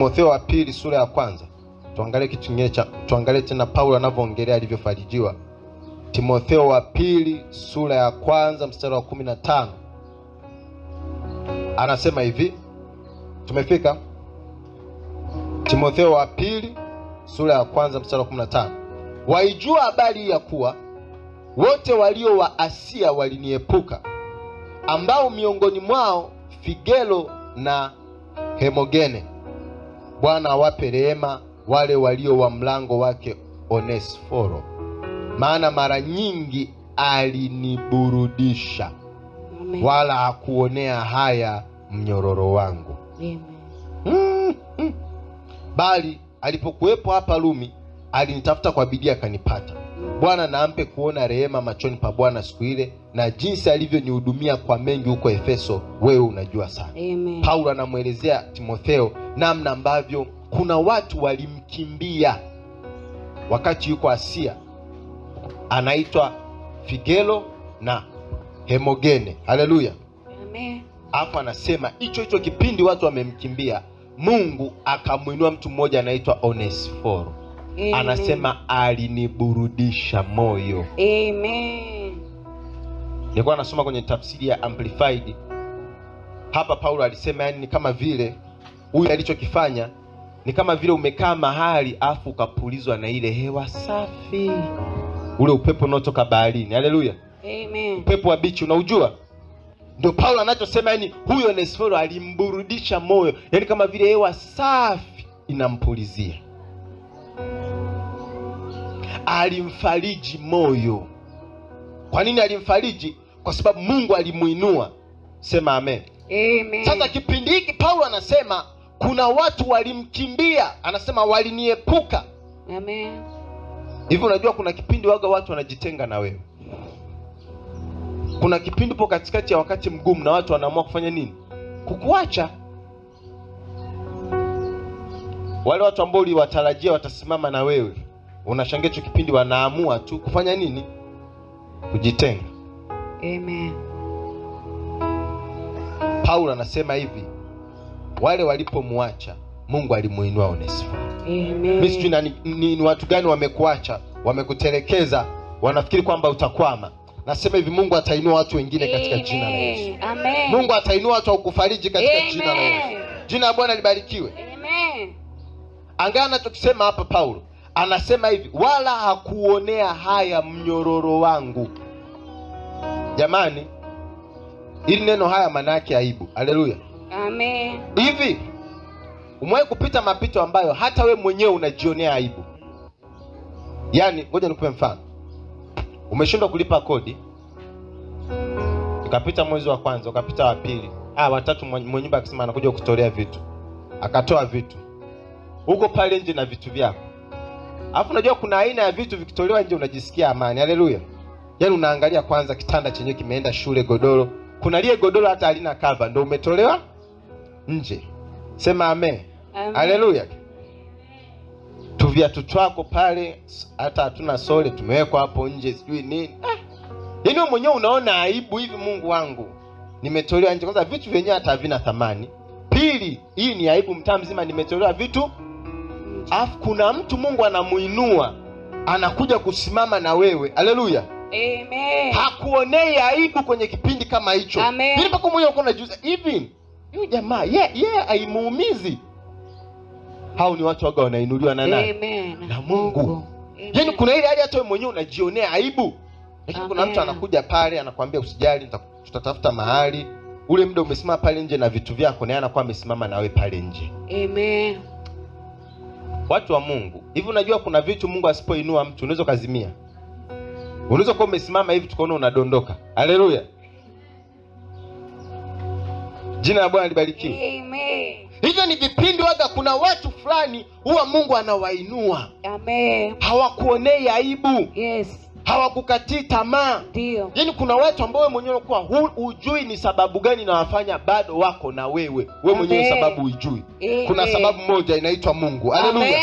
Timotheo wa pili sura ya kwanza tuangalie kitu kingine cha tuangalie tena Paulo anavyoongelea alivyofarijiwa. Timotheo wa pili sura ya kwanza mstari wa kumi na tano anasema hivi. Tumefika Timotheo wa pili sura ya kwanza mstari wa kumi na tano waijua habari ya kuwa wote walio wa Asia waliniepuka, ambao miongoni mwao Figelo na Hemogene Bwana awape rehema wale walio wa mlango wake onesforo maana mara nyingi aliniburudisha Amen. Wala hakuonea haya mnyororo wangu Amen. Mm -hmm. Bali alipokuwepo hapa Rumi alinitafuta kwa bidii akanipata. Bwana na ampe kuona rehema machoni pa Bwana siku ile, na jinsi alivyonihudumia kwa mengi huko Efeso, wewe unajua sana. Amen. Paulo anamwelezea Timotheo namna ambavyo kuna watu walimkimbia wakati yuko Asia, anaitwa Figelo na Hemogene. Haleluya, amen. Hapo anasema hicho hicho kipindi watu wamemkimbia, Mungu akamwinua mtu mmoja anaitwa Onesiforo Amen. Anasema aliniburudisha moyo. Amen. Nilikuwa nasoma kwenye tafsiri ya Amplified. Hapa Paulo alisema yani, ni kama vile huyu alichokifanya ni kama vile umekaa mahali afu ukapulizwa na ile hewa safi, ule upepo unaotoka baharini. Haleluya, amen. Upepo wa bichi unaujua? Ndio Paulo anachosema, yani huyo Onesiforo alimburudisha moyo, yani kama vile hewa safi inampulizia alimfariji moyo. Kwa nini alimfariji? Kwa sababu Mungu alimuinua. Sema amen, amen. Sasa kipindi hiki Paulo anasema kuna watu walimkimbia, anasema waliniepuka. Amen. Hivi unajua kuna kipindi waga watu wanajitenga na wewe. Kuna kipindi po katikati ya wakati mgumu na watu wanaamua kufanya nini? Kukuacha. Wale watu ambao uliwatarajia watasimama na wewe unashangia hicho kipindi wanaamua tu kufanya nini? Kujitenga. Amen. Paulo anasema hivi, wale walipomwacha Mungu alimuinua Onesiforo. Mimi sijui ni, ni, ni watu gani wamekuacha, wamekutelekeza, wanafikiri kwamba utakwama. Nasema hivi Mungu atainua watu wengine katika jina la Yesu. Amen. Mungu atainua watu wa katika Amen, jina la Yesu. Jina la Bwana libarikiwe. Amen. Angalia anachokisema hapa Paulo anasema hivi, wala hakuonea haya mnyororo wangu. Jamani, hili neno haya maana yake aibu. Haleluya, amen. Hivi umewahi kupita mapito ambayo hata we mwenyewe unajionea aibu? Yaani, ngoja nikupe mfano. Umeshindwa kulipa kodi, ukapita mwezi wa kwanza, ukapita wa pili, ah, watatu, mwenye nyumba akisema anakuja kutolea vitu, akatoa vitu huko pale nje na vitu vyako Alafu unajua kuna aina ya vitu vikitolewa nje unajisikia amani. Haleluya. Yaani unaangalia kwanza kitanda chenyewe kimeenda shule godoro. Kuna lile godoro hata halina cover ndio umetolewa nje. Sema amen. Haleluya. Tuviatu twako pale hata hatuna sole tumewekwa hapo nje sijui nini. Ah. Yaani mwenyewe unaona aibu hivi, Mungu wangu. Nimetolewa nje kwanza, vitu vyenyewe hata havina thamani. Pili, hii ni aibu, mtaa mzima nimetolewa vitu Alafu kuna mtu Mungu anamuinua anakuja kusimama na wewe. Haleluya. Amen. Hakuonei aibu kwenye kipindi kama hicho. Amen. Mpaka moyo wako hivi, huyu jamaa ye yeah, yeah, haimuumizi. Hao ni watu waga wanainuliwa na nani? Na Mungu. Yaani kuna ile hali hata wewe mwenyewe unajionea aibu. Lakini kuna mtu anakuja pale anakuambia usijali, tutatafuta mahali. Ule muda umesimama pale nje na vitu vyako naye anakuwa amesimama nawe pale nje. Amen. Watu wa Mungu, hivi unajua kuna vitu Mungu asipoinua mtu unaweza ukazimia. Unaweza kuwa umesimama hivi tukaona unadondoka. Haleluya! Jina la Bwana libarikiwe. Amen. Hivyo ni vipindi waga, kuna watu fulani huwa Mungu anawainua. Amen. Hawakuonei aibu. Yes hawakukatii tamaa. Ndio, yaani kuna watu ambao wewe mwenyewe unakuwa hujui ni sababu gani inawafanya bado wako na wewe, wewe mwenyewe sababu hujui. Eh, kuna eh. sababu moja inaitwa Mungu. Haleluya!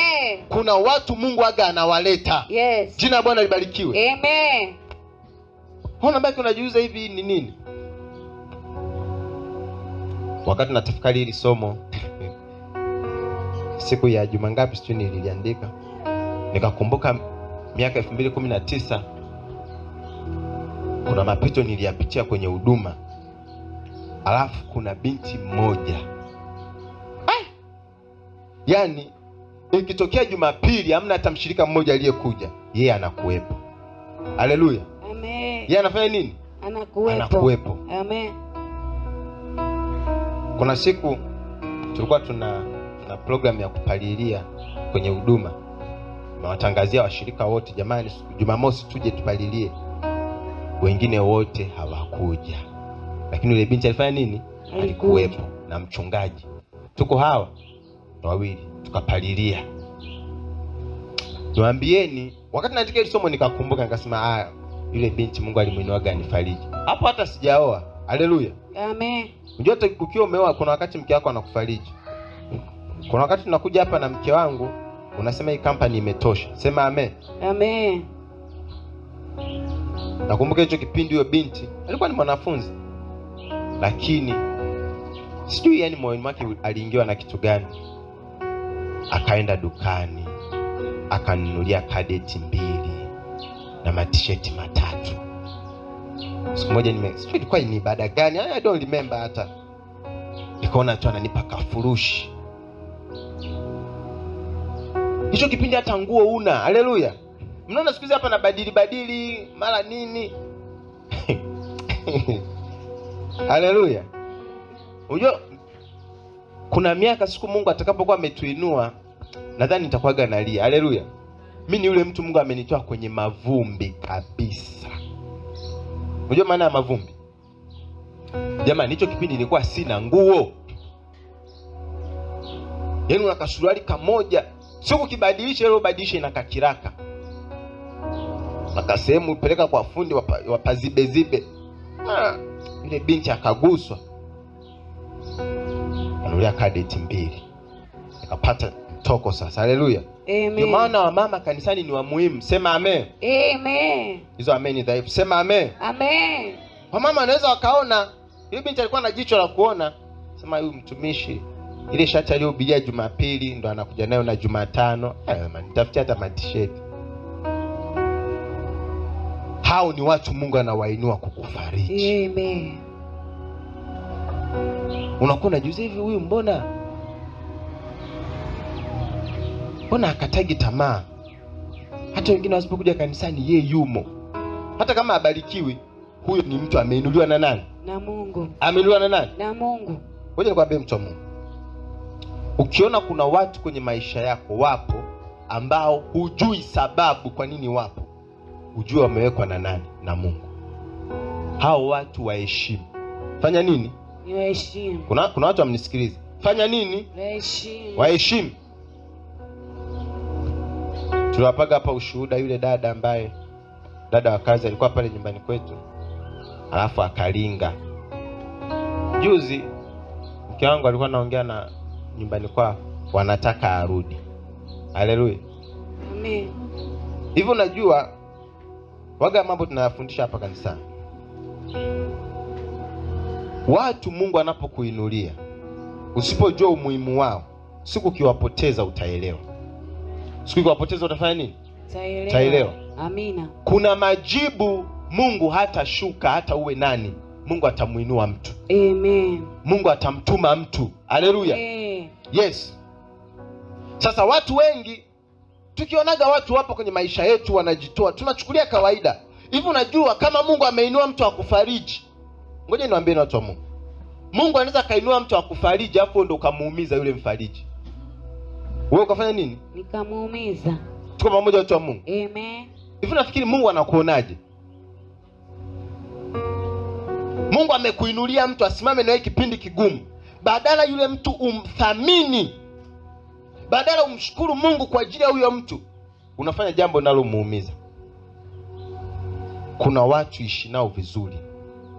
Kuna watu Mungu aga anawaleta. Yes, jina la Bwana libarikiwe. Amen. Unabaki unajiuliza hivi ni nini? Wakati natafakari hili somo siku ya juma ngapi, sijui nililiandika, nikakumbuka miaka elfu mbili kumi na tisa kuna mapito niliyapitia kwenye huduma, alafu kuna binti mmoja Ay! yani ikitokea Jumapili hamna hata mshirika mmoja aliyekuja, yeye anakuwepo. Haleluya, amen. Yeye anafanya nini? Anakuwepo, anakuwepo. Amen. Kuna siku tulikuwa tuna, na programu ya kupalilia kwenye huduma, nawatangazia washirika wote, jamani, Jumamosi tuje tupalilie wengine wote hawakuja, lakini yule binti alifanya nini? Alikuwepo na mchungaji, tuko hawa wawili tukapalilia. Niwaambieni, wakati naandika hili somo nikakumbuka, nikasema ah, yule binti Mungu alimuinuaga anifariji hapo, hata sijaoa. Haleluya, amen. Unajua hata ukiwa umeoa kuna wakati mke wako anakufariji. Kuna wakati tunakuja hapa na mke wangu unasema hii company imetosha, sema amen, amen. Nakumbuka hicho kipindi huyo binti alikuwa ni mwanafunzi, lakini sijui yani moyoni mwake aliingiwa na kitu gani, akaenda dukani akanunulia kadeti mbili na matisheti matatu. Siku moja nime sijui ilikuwa ni ibada gani, I don't remember hata, nikaona tu ananipa kafurushi hicho kipindi hata nguo una. Haleluya! mnaona siku hizi hapa na badili badili mara nini haleluya. Unajua kuna miaka siku Mungu atakapokuwa ametuinua nadhani nitakuwaga nalia. Haleluya. Mimi ni yule mtu Mungu amenitoa kwenye mavumbi kabisa. Unajua maana ya mavumbi? Jamani, hicho kipindi nilikuwa sina nguo, yaani una kasuruali kamoja, sio kukibadilisha, ile ubadilisha inakakiraka sehemu peleka kwa fundi wapazibezibe wapa. Ah, yule binti akaguswa, anulia kadeti mbili, nikapata toko sasa. Haleluya! Ndio wa mama kanisani ni wa muhimu. Sema amen. Amen. Hizo amen ni dhaifu. Sema amen. Amen. Wamama anaweza wakaona, yule binti alikuwa na jicho la kuona, sema huyu mtumishi ile shati aliyohubiria Jumapili ndo anakuja nayo na Jumatano, nitafutia hata matisheti hao ni watu Mungu anawainua kukufariji. Amen. Unakuwa unajiuliza hivi, huyu mbona mbona akatagi tamaa? Hata wengine wasipokuja kanisani, ye yumo, hata kama abarikiwi. Huyo ni mtu ameinuliwa na nani? Na Mungu. Ameinuliwa na nani? Na Mungu. Ngoja nikwambie mtu wa Mungu, ukiona kuna watu kwenye maisha yako wapo ambao hujui sababu kwa nini wapo ujue wamewekwa na nani? Na Mungu. Hao watu waheshimu. Fanya nini? Waheshimu. Kuna, kuna watu wamnisikilize. Fanya nini? Waheshimu. Waheshimu. Tuliwapaga hapa ushuhuda, yule dada ambaye dada wa kazi alikuwa pale nyumbani kwetu, alafu akalinga. Juzi mke wangu alikuwa anaongea na nyumbani kwao, wanataka arudi. Haleluya, amen. Hivyo unajua waga mambo tunayafundisha hapa kanisani. Watu Mungu anapokuinulia usipojua umuhimu wao, siku ukiwapoteza utaelewa. Siku ukiwapoteza utafanya nini? Utaelewa. Kuna majibu Mungu hatashuka hata uwe nani, Mungu atamwinua mtu. Amen. Mungu atamtuma mtu. aleluya Yes. Sasa watu wengi Tukionaga watu wapo kwenye maisha yetu wanajitoa, tunachukulia kawaida hivi. Unajua kama Mungu ameinua mtu wa kufariji, ngoja niwaambie na watu wa Mungu, Mungu anaweza akainua mtu wa kufariji afu ndo ukamuumiza yule mfariji, wewe ukafanya nini? Nikamuumiza. Tuko pamoja watu wa Mungu, amen. Hivi nafikiri Mungu anakuonaje? Mungu amekuinulia mtu asimame nawe kipindi kigumu, badala yule mtu umthamini badala umshukuru Mungu kwa ajili ya huyo mtu, unafanya jambo linalomuumiza. Kuna watu ishi nao vizuri,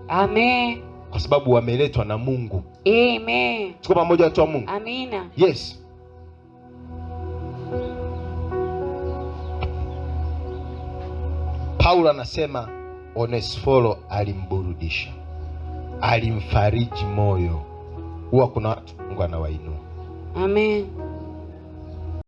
amen, kwa sababu wameletwa na Mungu, amen. Tuko pamoja watu wa Mungu, amina. Yes, Paulo anasema Onesiforo alimburudisha, alimfariji moyo. Huwa kuna watu Mungu anawainua, amen.